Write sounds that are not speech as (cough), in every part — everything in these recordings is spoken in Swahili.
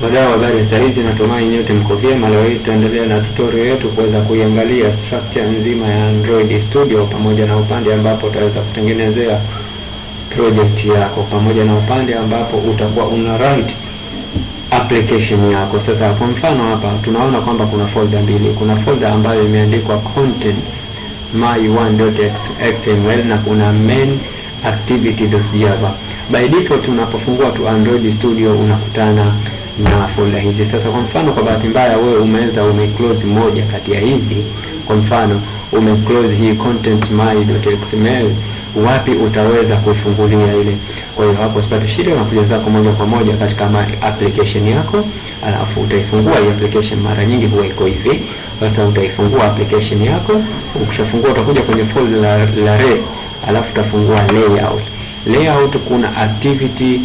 Wadau, habari ya saizi, natumai nyote mko vyema. Leo hii tutaendelea na tutorial yetu kuweza kuiangalia structure nzima ya Android Studio pamoja na upande ambapo utaweza kutengenezea project yako pamoja na upande ambapo utakuwa una write application yako. Sasa kwa mfano hapa tunaona kwamba kuna folder mbili, kuna folder ambayo imeandikwa contents my1.xml na kuna main activity.java. By default tunapofungua tu Android Studio unakutana na folder hizi. Sasa kwa mfano, kwa bahati mbaya wewe umeanza ume close moja kati ya hizi, kwa mfano ume close hii content my.xml, wapi utaweza kufungulia ile? Kwa hiyo hapo usipate shida, unakuja zako moja kwa moja katika application yako, alafu utaifungua hii application. Mara nyingi huwa iko hivi. Sasa utaifungua application yako, ukishafungua utakuja kwenye folder la, la res, alafu utafungua layout. Layout kuna activity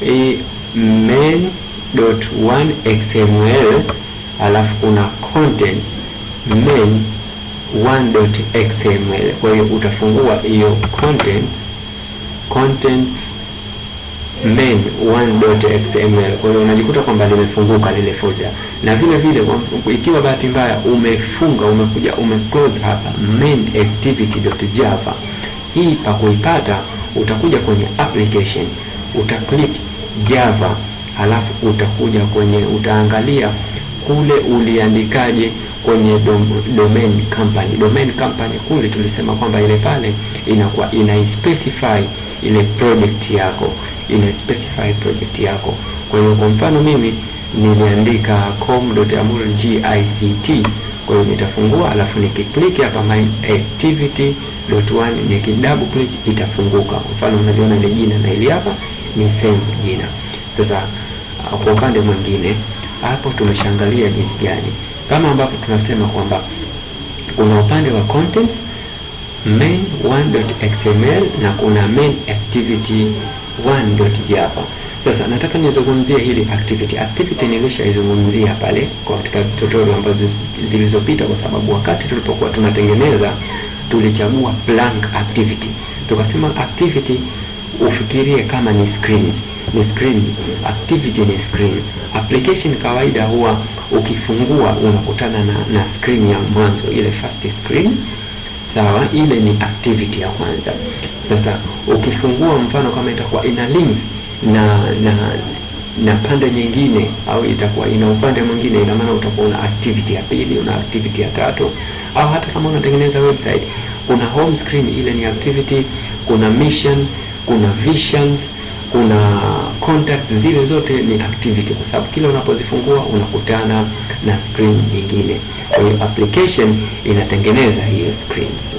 hii eh, main.1xml alafu kuna contents main1.xml. Kwa hiyo utafungua hiyo contents contents main1.xml. Kwa hiyo unajikuta kwamba limefunguka lile folder, na vile vile ikiwa bahati mbaya umefunga umekuja umeclose hapa main mainActivity.java, hii pa kuipata utakuja kwenye application utaclick Java, alafu utakuja kwenye utaangalia kule uliandikaje kwenye dom, domain company. Domain company kule tulisema kwamba ile pale inakuwa ina specify ile project yako, ina specify project yako. Kwa hiyo kwa mfano mimi niliandika com.amurgict kwa hiyo nitafungua, alafu nikiklik hapa my activity.1 nikidouble click itafunguka. Kwa mfano unaliona ile jina na ile hapa ni same jina. Sasa uh, kwa upande mwingine hapo tumeshangalia jinsi gani, kama ambapo tunasema kwamba kuna upande wa contents main1.xml na kuna main activity 1.java. Sasa nataka nizungumzie hili activity. Activity nilishazungumzia pale kwa katika tutorial ambazo zilizopita, kwa sababu wakati tulipokuwa tunatengeneza tulichagua blank activity, tukasema activity ufikirie kama ni screens, ni screen activity, ni screen application. Kawaida huwa ukifungua unakutana na, na screen ya mwanzo ile first screen sawa, ile ni activity ya kwanza. Sasa ukifungua mfano kama itakuwa ina links na na na pande nyingine au itakuwa ina upande mwingine, ina maana utakuwa una activity ya pili, una activity ya tatu, au hata kama unatengeneza website, kuna home screen, ile ni activity, kuna mission kuna visions, kuna contacts, zile zote ni activity, kwa sababu kila unapozifungua unakutana na screen nyingine. Kwa hiyo application inatengeneza hiyo screens,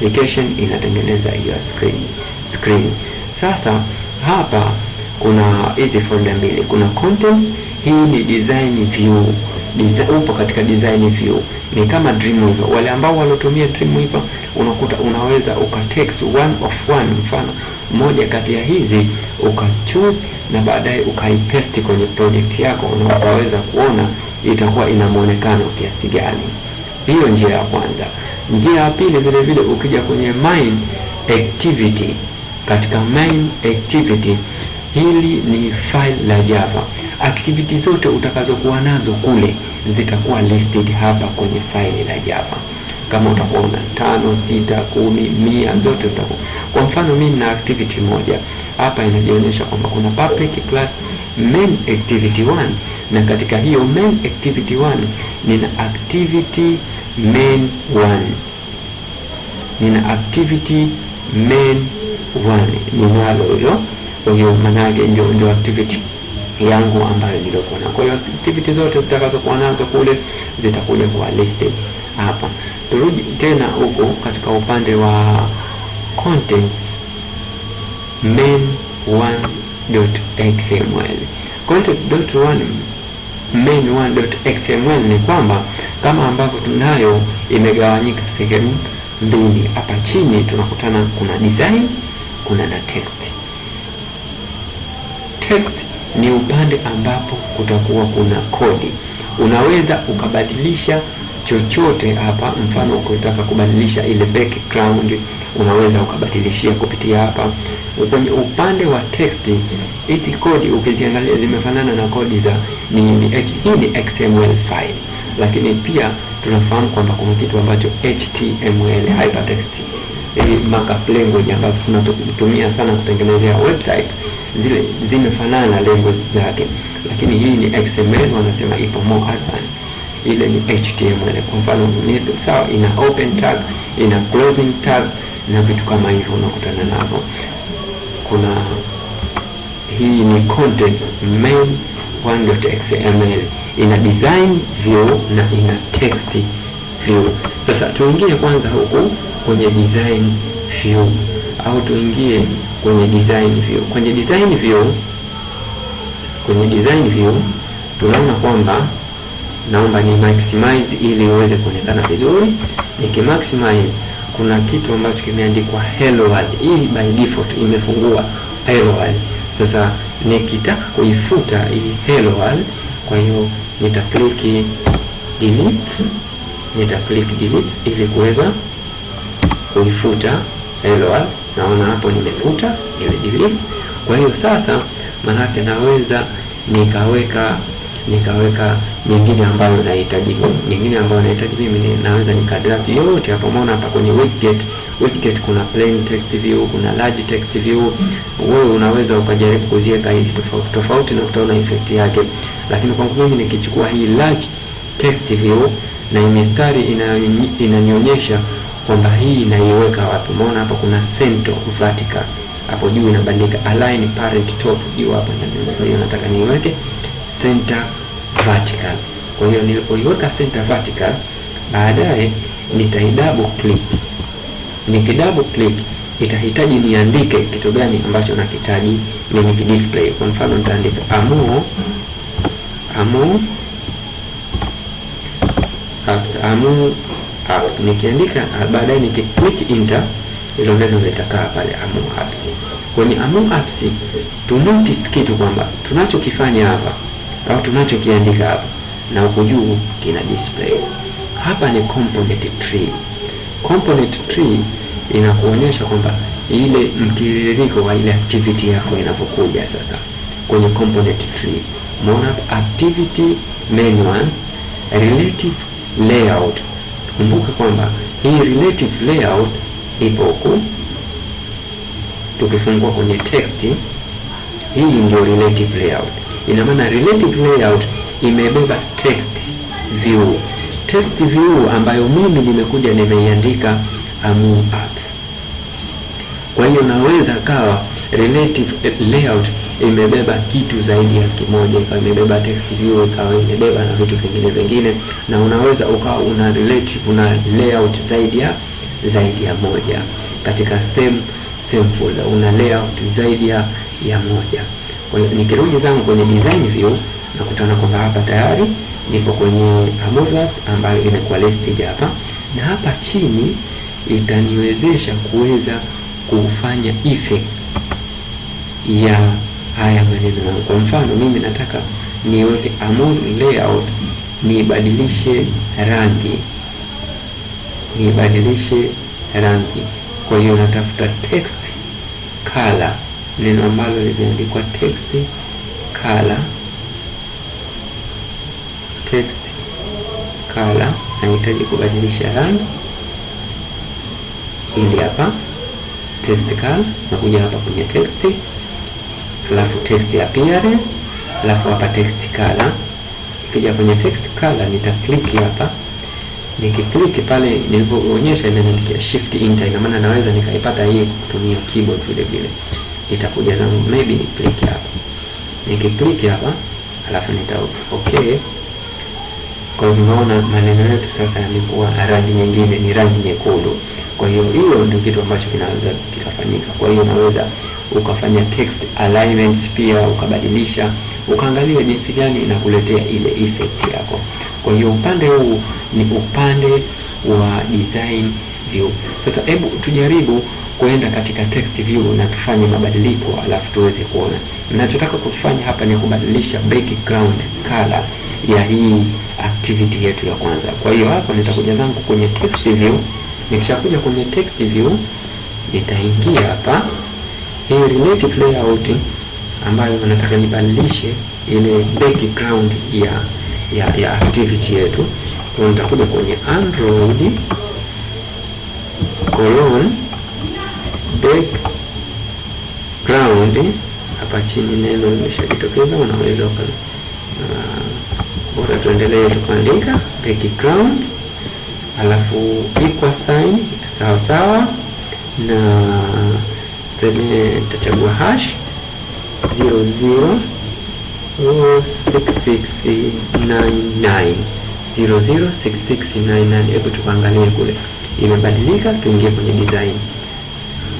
application inatengeneza hiyo screen screen. Sasa hapa kuna hizi folder mbili, kuna contents, hii ni design view upo katika design view, ni kama Dreamweaver. Wale ambao walotumia Dreamweaver unakuta unaweza ukatext one of one, mfano moja kati ya hizi ukachoose na baadaye ukaipesti kwenye project yako, na utaweza kuona itakuwa ina muonekano kiasi gani. Hiyo njia ya kwanza. Njia ya pili, vile vile ukija kwenye main activity, katika main activity hili ni file la Java Activity zote utakazokuwa nazo kule zitakuwa listed hapa kwenye faili la Java. Kama utakuwa una tano, sita, kumi, mia, zote zitakuwa. Kwa mfano mimi nina activity moja hapa inajionyesha kwamba kuna public class main activity 1 na katika hiyo main activity 1 nina activity main 1 nina activity main 1 ninalo hilo. Kwa hiyo manage ndio ndio activity yangu ambayo nilikuwa na. Kwa hiyo activity zote zitakazokuwa nazo kule zitakuja kuwa listed hapa. Turudi tena huko katika upande wa contents main1.xml. Content.1 main1.xml ni kwamba kama ambavyo tunayo imegawanyika sehemu mbili. Hapa chini tunakutana kuna design, kuna na text. Text ni upande ambapo kutakuwa kuna kodi. Unaweza ukabadilisha chochote hapa. Mfano, ukitaka kubadilisha ile background unaweza ukabadilishia kupitia hapa kwenye upande wa text. Hizi kodi ukiziangalia zimefanana na kodi za ni, ni, hii ni XML file, lakini pia tunafahamu kwamba kuna kitu ambacho HTML hypertext eh, yaani markup language ambazo tunatumia sana kutengenezea websites zile zimefanana na language zake, lakini hii ni XML wanasema ipo more advanced, ile ni HTML. Kwa mfano ni sawa, ina open tag, ina closing tags na vitu kama hivyo unakutana navyo. Kuna hii ni contents main one.xml ina design view na ina text view. Sasa tuingie kwanza huku kwenye design view au tuingie kwenye design view. Kwenye design view, kwenye design view tunaona kwamba naomba ni maximize ili uweze kuonekana vizuri. Niki maximize, kuna kitu ambacho kimeandikwa hello world. Hii by default imefungua hello world. Sasa nikitaka kuifuta hii hello world, kwa hiyo nita click delete, nita click delete ili kuweza kuifuta hello eh, Naona hapo nimefuta ile delete. Kwa hiyo sasa manake naweza nikaweka nikaweka mingine ambayo nahitaji mingine ambayo nahitaji mimi, naweza nikadraft yote hapo. Maona hapa kwenye widget, widget kuna plain text view, kuna large text view. Wewe unaweza ukajaribu kuziweka hizi tofauti tofauti na utaona effect yake, lakini kwangu mimi nikichukua hii large text view na mistari inanionyesha kwamba hii inaiweka wapi. Umeona hapa kuna center vertical hapo juu inabandika align parent top juu hapa, kwa hiyo nataka niweke center vertical. Kwa hiyo nilipoiweka center vertical, baadaye nitai double click. Nikidouble click itahitaji niandike kitu gani ambacho nakitaji mimi display. Kwa mfano nitaandika amu amu amu apps. Ah, nikiandika ah, baadaye niki click enter, ilo neno litakaa pale Among Apps. Kwenye Among Apps tunotice kitu kwamba tunachokifanya hapa au tunachokiandika hapa na huko juu kina display hapa ni component tree. Component tree inakuonyesha kwamba ile mtiririko wa ile activity yako inapokuja sasa kwenye component tree Mona activity manual relative layout Kumbuka kwamba hii relative layout ipo huku, tukifungua kwenye text, hii ndio relative layout. Ina maana relative layout imebeba text view, text view ambayo mimi nimekuja nimeiandika Amu Apps. Kwa hiyo naweza kawa relative layout imebeba kitu zaidi ya kimoja, ikawa imebeba text view, ikawa imebeba na vitu vingine vingine, na unaweza ukawa una relate, una layout zaidi ya zaidi ya moja katika same same folder, una layout zaidi ya ya moja. Kwa hiyo nikirudi zangu kwenye design view nakutana kwamba hapa tayari niko kwenye Amozarts ambayo imekuwa listed hapa, na hapa chini itaniwezesha kuweza kufanya effects ya haya maneno yangu. Kwa mfano, mimi nataka niweke among layout, niibadilishe rangi, niibadilishe rangi. Kwa hiyo natafuta text color, neno ambalo limeandikwa text color, text color. Nahitaji kubadilisha rangi ili hapa text color, nakuja hapa kwenye text alafu text appearance, alafu hapa text color. Nikija kwenye text color nita click hapa, nikikliki pale nilipoonyesha ile inaniandikia shift enter, ina maana naweza nikaipata hii kutumia keyboard vile vile. Nitakuja zangu maybe ni click hapa, nikikliki hapa alafu nita okay. Kwa hiyo unaona maneno yetu sasa yamekuwa rangi nyingine, ni rangi nyekundu. Kwa hiyo hiyo ndio kitu ambacho kinaweza kikafanyika. Kwa hiyo unaweza ukafanya text alignments, pia ukabadilisha, ukaangalia jinsi gani inakuletea ile effect yako. Kwa hiyo upande huu ni upande wa design view. Sasa hebu tujaribu kuenda katika text view na tufanye mabadiliko alafu tuweze kuona. Ninachotaka kufanya hapa ni kubadilisha background color ya hii activity yetu ya kwanza. Kwa hiyo hapo nitakuja zangu kwenye text view. Nikishakuja kwenye text view nitaingia hapa hii relative layout ambayo nataka nibadilishe ile background ya ya, ya activity yetu. Kwa nitakuja kwenye Android colon background, hapa chini neno limeshajitokeza, unaweza uka uh, bora, tuendelee tukaandika background, alafu equal sign sawa sawa na tuseme nitachagua hash 006699 Hebu tukaangalie kule, imebadilika. Tuingie kwenye design,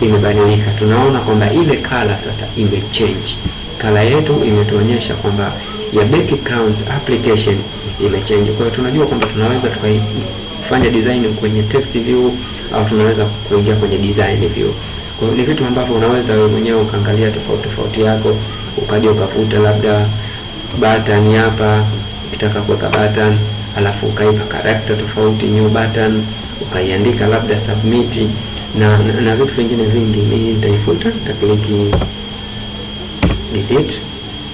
imebadilika. Tunaona kwamba ile kala sasa imechange kala yetu, imetuonyesha kwamba ya background application imechange. Kwa hiyo tunajua kwamba tunaweza tukaifanya design kwenye text view au tunaweza kuingia kwenye design view. Kwa ni vitu ambavyo unaweza wewe mwenyewe ukaangalia tofauti tofauti yako, ukaja ukakuta labda button hapa, ukitaka kuweka button alafu ukaipa character tofauti, new button ukaiandika labda submit na, na, na vitu vingine vingi. Mimi nitaifuta, nitakliki delete,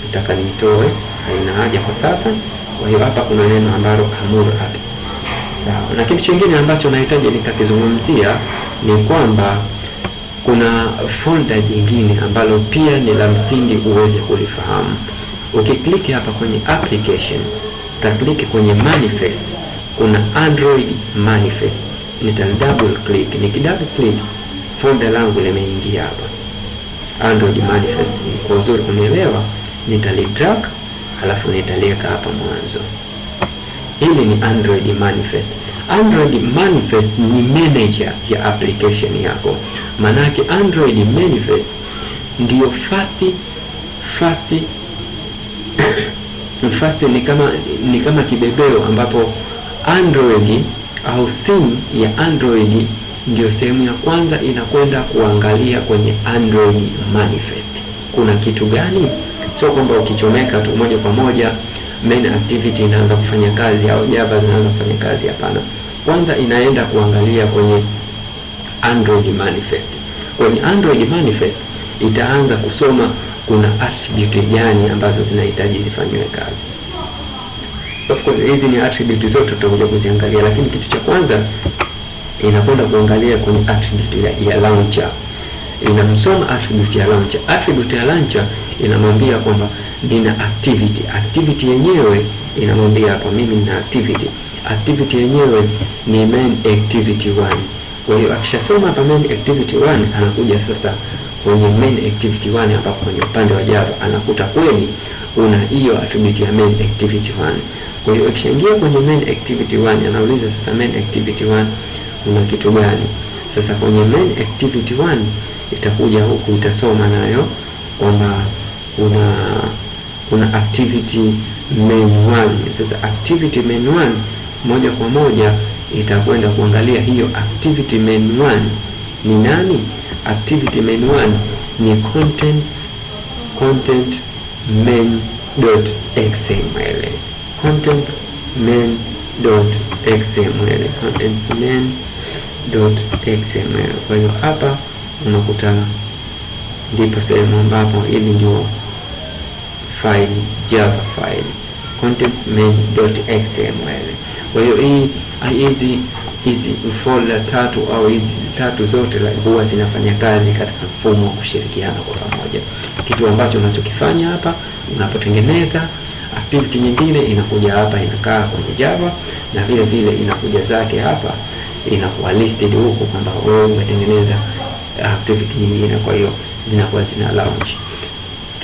nitaka nitoe, haina haja kwa sasa. Kwa hiyo hapa kuna neno ambalo Amur Apps, sawa. Na kitu kingine ambacho nahitaji nikakizungumzia ni kwamba kuna folda jingine ambalo pia ni la msingi uweze kulifahamu. Ukikliki hapa kwenye application, utakliki kwenye manifest, kuna Android manifest. Nita double click, nikidouble click folda langu limeingia hapa Android manifest. Kwa uzuri kunielewa, nitalitrack halafu nitaliweka hapa mwanzo. Hili ni Android manifest. Android manifest ni manager ya application yako. Manake Android manifest ndiyo fast fast (coughs) fast ni kama ni kama kibebeo ambapo Android au simu ya Android ndio sehemu ya kwanza inakwenda kuangalia kwenye Android manifest kuna kitu gani, sio kwamba ukichomeka tu moja kwa moja main activity inaanza kufanya kazi au Java zinaanza kufanya kazi. Hapana, kwanza inaenda kuangalia kwenye Android manifest. Kwenye Android manifest itaanza kusoma kuna attribute gani ambazo zinahitaji zifanywe kazi. Of course hizi ni attribute zote tutakuja kuziangalia, lakini kitu cha kwanza inakwenda kuangalia kwenye attribute ya ya launcher, inamsoma attribute ya launcher. Attribute ya launcher inamwambia kwamba nina activity. Activity yenyewe inamwambia hapa mimi nina activity. Activity yenyewe ni main activity one kwa hiyo akishasoma hapa main activity 1 anakuja sasa kwenye main activity 1 hapa kwenye upande wa Java anakuta kweli una hiyo attribute ya main activity 1. Kwa hiyo akishaingia kwenye main activity 1 anauliza sasa main activity 1 una kitu gani? Sasa kwenye main activity 1 itakuja huku itasoma nayo kwamba kuna kuna activity main 1. Sasa activity main 1 moja kwa moja itakwenda kuangalia hiyo activity main 1 ni nani. Activity main 1 ni contents, content main dot xml, content main dot xml, contents main dot xml. Kwa hiyo hapa unakuta ndipo sehemu ambapo ili ndio file java file contents main dot xml. Kwa hiyo hii hizi hizi folda tatu au hizi tatu zote huwa zinafanya kazi katika mfumo wa kushirikiana kwa pamoja. Kitu ambacho unachokifanya hapa, unapotengeneza activity nyingine inakuja hapa inakaa kwenye Java, na vile vile inakuja zake hapa inakuwa listed huko kwamba wewe umetengeneza activity nyingine, kwa hiyo zinakuwa zina launch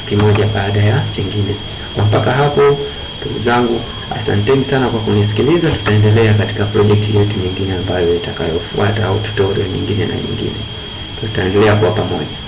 kimoja baada ya chingine. Kwa mpaka hapo ndugu zangu Asanteni sana kwa kunisikiliza. Tutaendelea katika projekti yetu nyingine ambayo itakayofuata, au tutorial nyingine na nyingine, tutaendelea kwa pamoja.